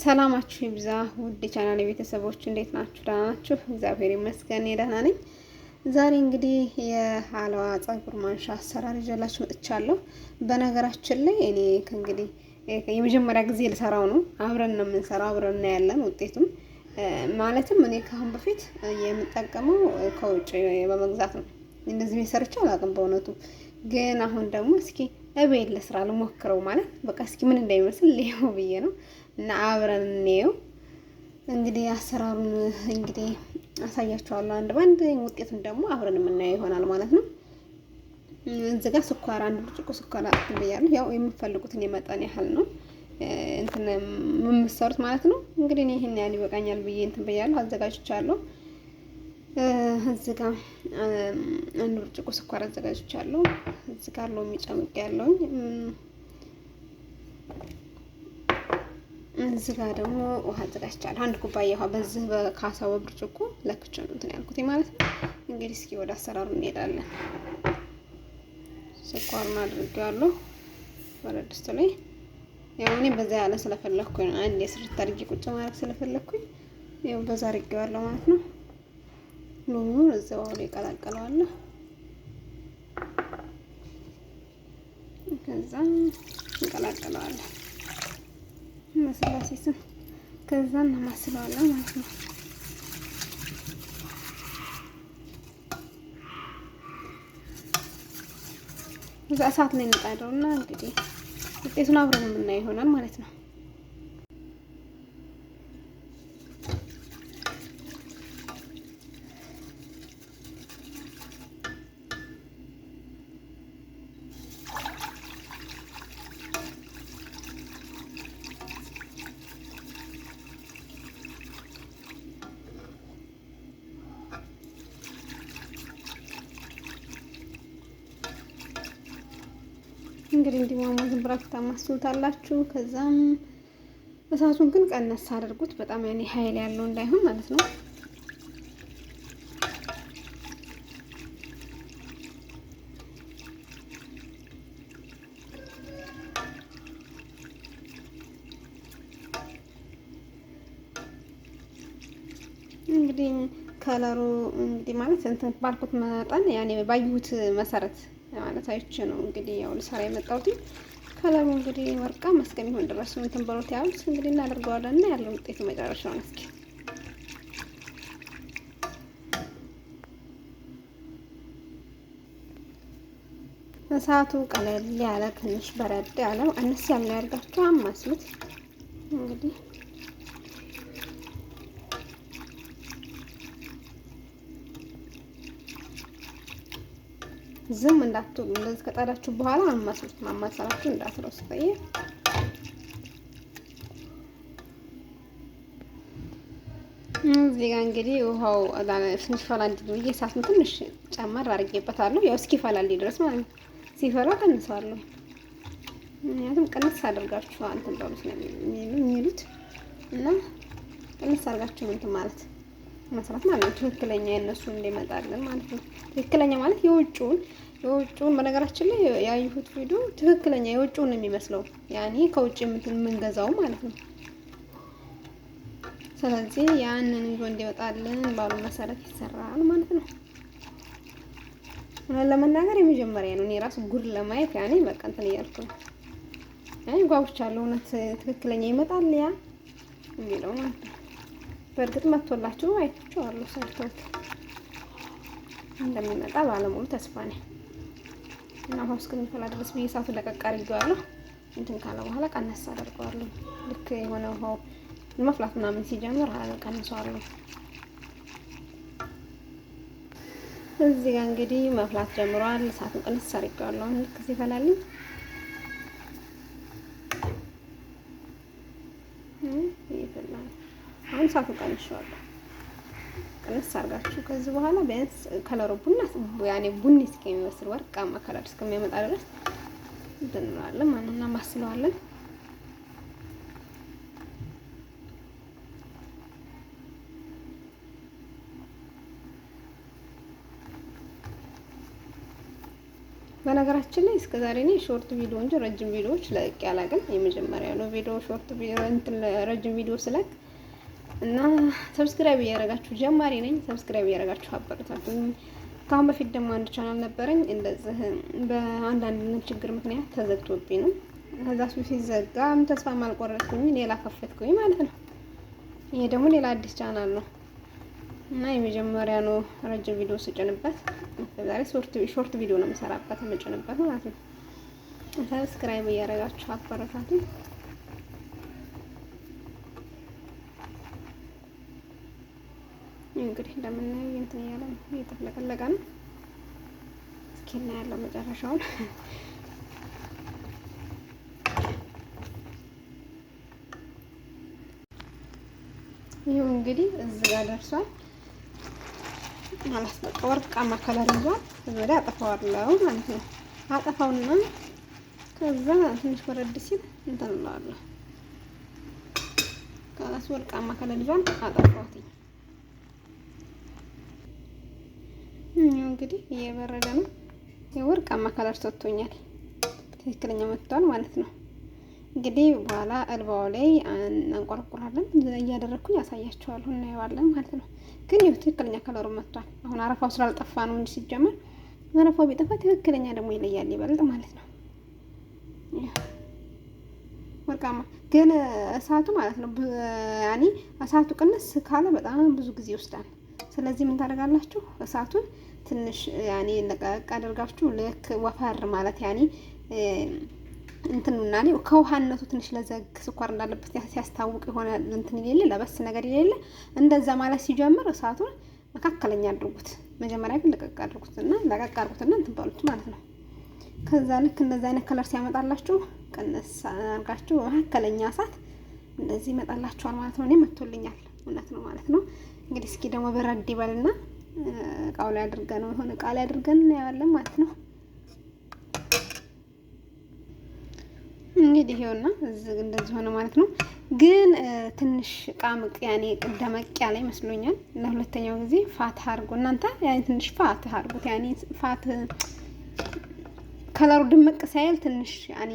ሰላማችሁ ይብዛ ውድ ቻናል ቤተሰቦች፣ እንዴት ናችሁ? ደህና ናችሁ? እግዚአብሔር ይመስገን ደህና ነኝ። ዛሬ እንግዲህ የአለዋ ፀጉር ማንሻ አሰራር ይዤላችሁ መጥቻለሁ። በነገራችን ላይ እኔ ከእንግዲህ የመጀመሪያ ጊዜ ልሰራው ነው። አብረን ነው የምንሰራው፣ አብረን እናያለን ውጤቱም። ማለትም እኔ ከአሁን በፊት የምጠቀመው ከውጭ በመግዛት ነው። እንደዚህ ቤት ሰርቼ አላውቅም በእውነቱ። ግን አሁን ደግሞ እስኪ እቤት ልስራ ልሞክረው፣ ማለት በቃ እስኪ ምን እንደሚመስል ሊሆ ብዬ ነው እና አብረን እንየው። እንግዲህ አሰራሩን እንግዲህ አሳያቸዋለሁ አንድ ባንድ ውጤቱን ደግሞ አብረን የምናየው ይሆናል ማለት ነው። እዚህ ጋር ስኳር አንድ ብርጭቆ ስኳር ብያለሁ። ያው የምፈልጉትን የመጠን ያህል ነው እንትን የምትሰሩት ማለት ነው። እንግዲህ እኔ ይሄን ያህል ይበቃኛል ብዬ እንትን ብያለሁ፣ አዘጋጅቻለሁ። እዚህ ጋር አንድ ብርጭቆ ስኳር አዘጋጅቻለሁ። እዚህ ጋር ሎሚ ጨምቄ ያለውኝ እዚህ ጋር ደግሞ ውሃ አዘጋጅቻለሁ። አንድ ኩባያ ውሃ በዚህ በካሳ በብርጭቆ ለክቼ ነው እንትን ያልኩት ማለት ነው። እንግዲህ እስኪ ወደ አሰራሩ እንሄዳለን። ስኳሩን አድርጌዋለሁ በረድ ላይ። ያው እኔ በዛ ያለ ስለፈለግኩኝ አንድ የስርት አድርጌ ቁጭ ማለት ስለፈለግኩኝ ያው በዛ አድርጌዋለሁ ማለት ነው። ሎሚውን እዚያው ላይ ይቀላቀለዋለሁ ከዛ እንቀላቀለዋለን መስላሴ ስም ከዛ እናማስለዋለን ማለት ነው። እዛ እሳት ላይ እንጣደውና እንግዲህ ውጤቱን አብረን የምናየው ይሆናል ማለት ነው። እንግዲህ እንዲሟሟ ዝም ብላችሁ ታማስሉታላችሁ። ከዛም እሳቱን ግን ቀነስ አድርጉት፣ በጣም ያኔ ኃይል ያለው እንዳይሆን ማለት ነው። እንግዲህ ከለሩ እንግዲህ ማለት እንትን ባልኩት መጠን ያኔ ባየሁት መሰረት ማለት አይቼ ነው እንግዲህ ያው ልሰራ የመጣሁት። ከለሩ እንግዲህ ወርቃ ወርቃማ እስከሚሆን ድረስ እንትን በሎት ያው እንግዲህ እናደርገዋለን እና ያለው ውጤት መጨረሻውን እስኪ እሳቱ ቀለል ያለ ትንሽ በረድ ያለው አነስ ያለ ያርጋችሁ አማስሉት እንግዲህ ዝም እንዳትሉ። እንደዚህ ከጣዳችሁ በኋላ አማስሉት። ማማሰላችሁ እንዳትረሱ። ቀይ እዚህ ጋር እንግዲህ ውሃው እስኪፈላ እንዲል እሳቱን ትንሽ ጨመር አድርጌበታለሁ። ያው እስኪ ፈላ ድረስ ማለት ነው። ሲፈላ ቀንሰዋለሁ። ምክንያቱም ቅንስ አድርጋችሁ እንትን ነው የሚሉት እና ቅንስ አድርጋችሁ ምንት ማለት ነው መስራት ማለት ነው። ትክክለኛ የነሱ እንደመጣለን ማለት ነው። ትክክለኛ ማለት የውጭውን የውጭውን በነገራችን ላይ ያየሁት ቪዲዮ ትክክለኛ የውጭውን የሚመስለው ያኔ ከውጭ የምንገዛው ማለት ነው። ስለዚህ ያንን ይዞ እንዲመጣልን ባሉ መሰረት ይሰራል ማለት ነው። ለመናገር የመጀመሪያ ነው። እኔ ራሱ ጉድ ለማየት ያኔ በቃ እንትን እያልኩ ነው። ጓጉቻለሁ። እውነት ትክክለኛ ይመጣል ያ የሚለው ማለት ነው። በእርግጥ መጥቶላችሁ አይታችኋለሁ ሰርተውት እንደሚመጣ ባለሙሉ ተስፋ ነኝ እና ውሃው እስከሚፈላ ድረስ ብዬ እሳቱን ለቀቅ አድርጌዋለሁ። እንትን ካለ በኋላ ቀነስ አደርገዋለሁ። ልክ የሆነ ውሃው መፍላት ምናምን ሲጀምር ቀንሰዋለሁ። እዚህ ጋር እንግዲህ መፍላት ጀምሯል። እሳቱን ቅንስ አድርጌዋለሁ። ልክ ሲፈላልኝ አሁን እሳቱን ቀንሼዋለሁ። ቅንስ አርጋችሁ ከዚህ በኋላ ቢያንስ ከለሮ ቡና ያኔ ቡኒ እስከሚመስል ወርቃማ ከለር እስከሚያመጣ ድረስ እንድንላለን ማለት ነው። ማስለዋለን በነገራችን ላይ እስከ ዛሬ እኔ ሾርት ቪዲዮ እንጂ ረጅም ቪዲዮዎች ለቅ ያላቅም። የመጀመሪያ ነው ቪዲዮ ሾርት ቪዲዮ እንትን ረጅም ቪዲዮ ስለቅ እና ሰብስክራይብ እያደረጋችሁ ጀማሪ ነኝ። ሰብስክራይብ እያደረጋችሁ አበረታቱኝ። ከአሁን በፊት ደግሞ አንድ ቻናል ነበረኝ እንደዚህ በአንዳንድ ችግር ምክንያት ተዘግቶብኝ ነው። ከዛ እሱ ሲዘጋም ተስፋ አልቆረጥኩኝ፣ ሌላ ከፈትኩኝ ማለት ነው። ይሄ ደግሞ ሌላ አዲስ ቻናል ነው እና የመጀመሪያ ነው ረጅም ቪዲዮ ስጭንበት፣ ዛሬ ሾርት ቪዲዮ ነው የምሰራበት የምጭንበት ማለት ነው። ሰብስክራይብ እያደረጋችሁ አበረታቱኝ። እንግዲህ እንደምናየው እንትን እያለ እየተፍለቀለቀ ነው። እስኪ እናያለው መጨረሻውን። ይሁ እንግዲህ እዚህ ጋር ደርሷል ማለት በቃ ወርቃማ ከለር ይዟል። እዚህ ላይ አጠፋዋለሁ ማለት ነው። አጠፋውና ከዛ ትንሽ ወረድ ሲል እንትን እንለዋለሁ። ከዛ ወርቃማ ከለር ይዟል አጠፋሁት። እንግዲህ እየበረደ ነው። የወርቃማ ከለር ሰጥቶኛል። ትክክለኛ መጥቷል ማለት ነው። እንግዲህ በኋላ እልባው ላይ እናንቆረቁራለን እያደረግኩኝ ያሳያችኋለሁ። እናየዋለን ማለት ነው። ግን ይኸው ትክክለኛ ከለሩ መጥቷል። አሁን አረፋው ስላልጠፋ ነው እንጂ ሲጀመር አረፋው ቢጠፋ ትክክለኛ ደግሞ ይለያል ይበልጥ ማለት ነው። ወርቃማ ግን እሳቱ ማለት ነው ያኔ እሳቱ ቅንስ ካለ በጣም ብዙ ጊዜ ይወስዳል። ስለዚህ ምን ታደርጋላችሁ? እሳቱን ትንሽ ያኔ ለቀቅ አድርጋችሁ ልክ ወፈር ማለት ያኔ እንትንና እኔ ከውሃነቱ ትንሽ ለዘግ ስኳር እንዳለበት ሲያስታውቅ የሆነ እንትን የሌለ ለበስ ነገር የሌለ እንደዛ ማለት ሲጀምር እሳቱን መካከለኛ አድርጉት። መጀመሪያ ግን ለቀቅ አድርጉትና ለቀቅ አድርጉትና እንትን በሉት ማለት ነው። ከዛ ልክ እንደዛ አይነት ከለር ሲያመጣላችሁ ቀነስ አርጋችሁ መካከለኛ እሳት እንደዚህ ይመጣላችኋል ማለት ነው። እኔ መጥቶልኛል። እውነት ነው ማለት ነው። እንግዲህ እስኪ ደግሞ በረድ ይበልና እቃው ላይ አድርገን የሆነ እቃ ላይ አድርገን እናየዋለን ማለት ነው። እንግዲህ ይኸውና እንደዚህ ሆነ ማለት ነው። ግን ትንሽ እቃ ምቅ ያኔ ደመቅ ያለ ይመስሎኛል። ለሁለተኛው ጊዜ ፋት አድርጎ እናንተ ያኔ ትንሽ ፋት አድርጎት ያኔ ፋት ከለሩ ድምቅ ሳይል ትንሽ ያኔ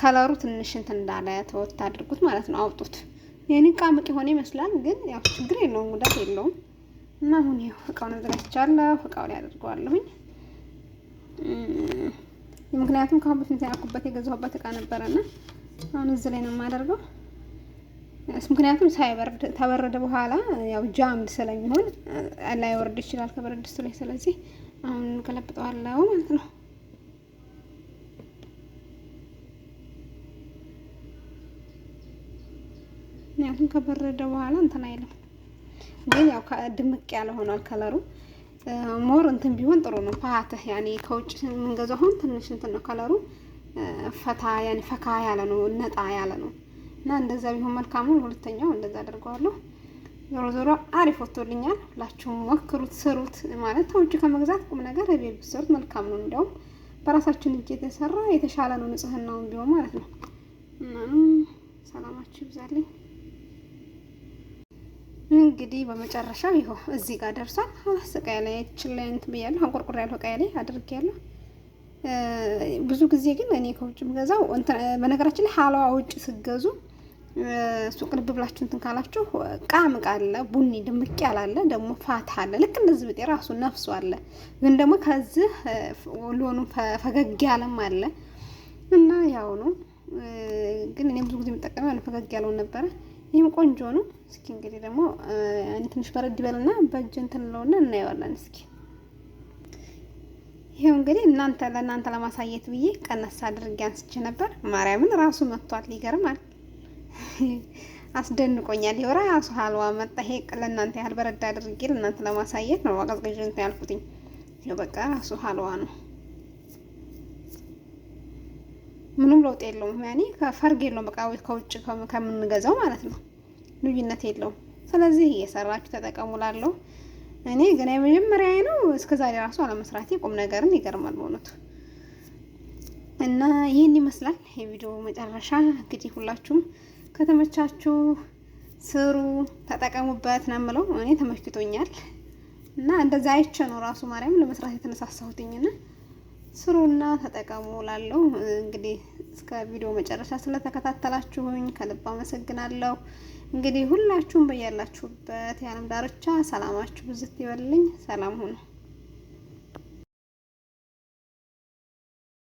ከለሩ ትንሽ እንትን እንዳለ ተወት አድርጉት ማለት ነው። አውጡት የንቃምቅ የሆነ ይመስላል፣ ግን ያው ችግር የለውም ጉዳት የለውም። እና አሁን ያው እቃውን አዘጋጅቻለሁ፣ እቃው ላይ አድርገዋለሁኝ። ምክንያቱም ከአሁን በፊት ያኩበት የገዛሁበት እቃ ነበረና አሁን እዚህ ላይ ነው የማደርገው። ምክንያቱም ሳይበርድ ተበረደ በኋላ ያው ጃምድ ስለሚሆን ወርድ ይችላል ከብረት ድስቱ ላይ። ስለዚህ አሁን እንገለብጠዋለሁ ማለት ነው። ምክንያቱም ከበረደ በኋላ እንትን አይልም። ግን ያው ድምቅ ያለ ሆኗል ከለሩ ሞር እንትን ቢሆን ጥሩ ነው። ፋትህ ያኔ ከውጭ የምንገዛው አሁን ትንሽ እንትን ነው ከለሩ ፈታ ያኔ ፈካ ያለ ነው፣ ነጣ ያለ ነው እና እንደዛ ቢሆን መልካሙ ሁለተኛው እንደዛ አድርገዋለሁ። ዞሮ ዞሮ አሪፍ ወጥቶልኛል። ሁላችሁም ሞክሩት፣ ስሩት። ማለት ከውጭ ከመግዛት ቁም ነገር እቤት ብትሰሩት መልካም ነው። እንዲያውም በራሳችን እጅ የተሰራ የተሻለ ነው። ንጽህናውን ቢሆን ማለት ነው እና ሰላማችሁ ይብዛልኝ። እንግዲህ በመጨረሻም ይሆ እዚህ ጋር ደርሷል። ስቃይ ላይ ላይ እንትን ብያለሁ፣ አንቆርቁር ያለው ቃይ ላይ አድርጌያለሁ። ብዙ ጊዜ ግን እኔ ከውጭ ምገዛው በነገራችን ላይ ሀላዋ ውጭ ስገዙ ሱቅ ልብ ብላችሁ እንትን ካላችሁ ቃም ቃለ ቡኒ ድምቅ ያላለ ደግሞ ፋት አለ። ልክ እንደዚህ ብጤ ራሱ ነፍሱ አለ። ግን ደግሞ ከዚህ ሎኑ ፈገግ ያለም አለ እና ያው ነው። ግን እኔ ብዙ ጊዜ የምጠቀመው ፈገግ ያለውን ነበረ። ይህም ቆንጆ ነው። እስኪ እንግዲህ ደግሞ እኔ ትንሽ በረድ ይበልና በእጅ እንትን ለውና እናየዋለን። እስኪ ይሄው እንግዲህ እናንተ ለእናንተ ለማሳየት ብዬ ቀነሳ አድርጌ አንስቼ ነበር። ማርያምን ራሱ መጥቷል። ይገርማል። አስደንቆኛል። ይሄው ራሱ ሀልዋ መጣ። ይሄ ለእናንተ ያህል በረድ አድርጌ ለእናንተ ለማሳየት ነው። አቀዝቅዤ እንትን ያልኩትኝ ይኸው በቃ ራሱ ሀልዋ ነው። ምንም ለውጥ የለውም። ያኔ ፈርግ የለውም። በቃ ከውጭ ከምንገዛው ማለት ነው ልዩነት የለውም። ስለዚህ እየሰራችሁ ተጠቀሙላለሁ። እኔ ግን የመጀመሪያ ነው እስከዛሬ ራሱ አለመስራቴ ቁም ነገርን ይገርማል በእውነቱ እና ይህን ይመስላል የቪዲዮ መጨረሻ። እንግዲህ ሁላችሁም ከተመቻችሁ ስሩ፣ ተጠቀሙበት ነው የምለው። እኔ ተመችቶኛል እና እንደዛ አይቼ ነው ራሱ ማርያም ለመስራት የተነሳሳሁትኝና ስሩና ተጠቀሙ ላለው እንግዲህ እስከ ቪዲዮ መጨረሻ ስለተከታተላችሁኝ ከልብ አመሰግናለሁ። እንግዲህ ሁላችሁም በያላችሁበት የዓለም ዳርቻ ሰላማችሁ ብዝት ይበልልኝ። ሰላም ሁኑ።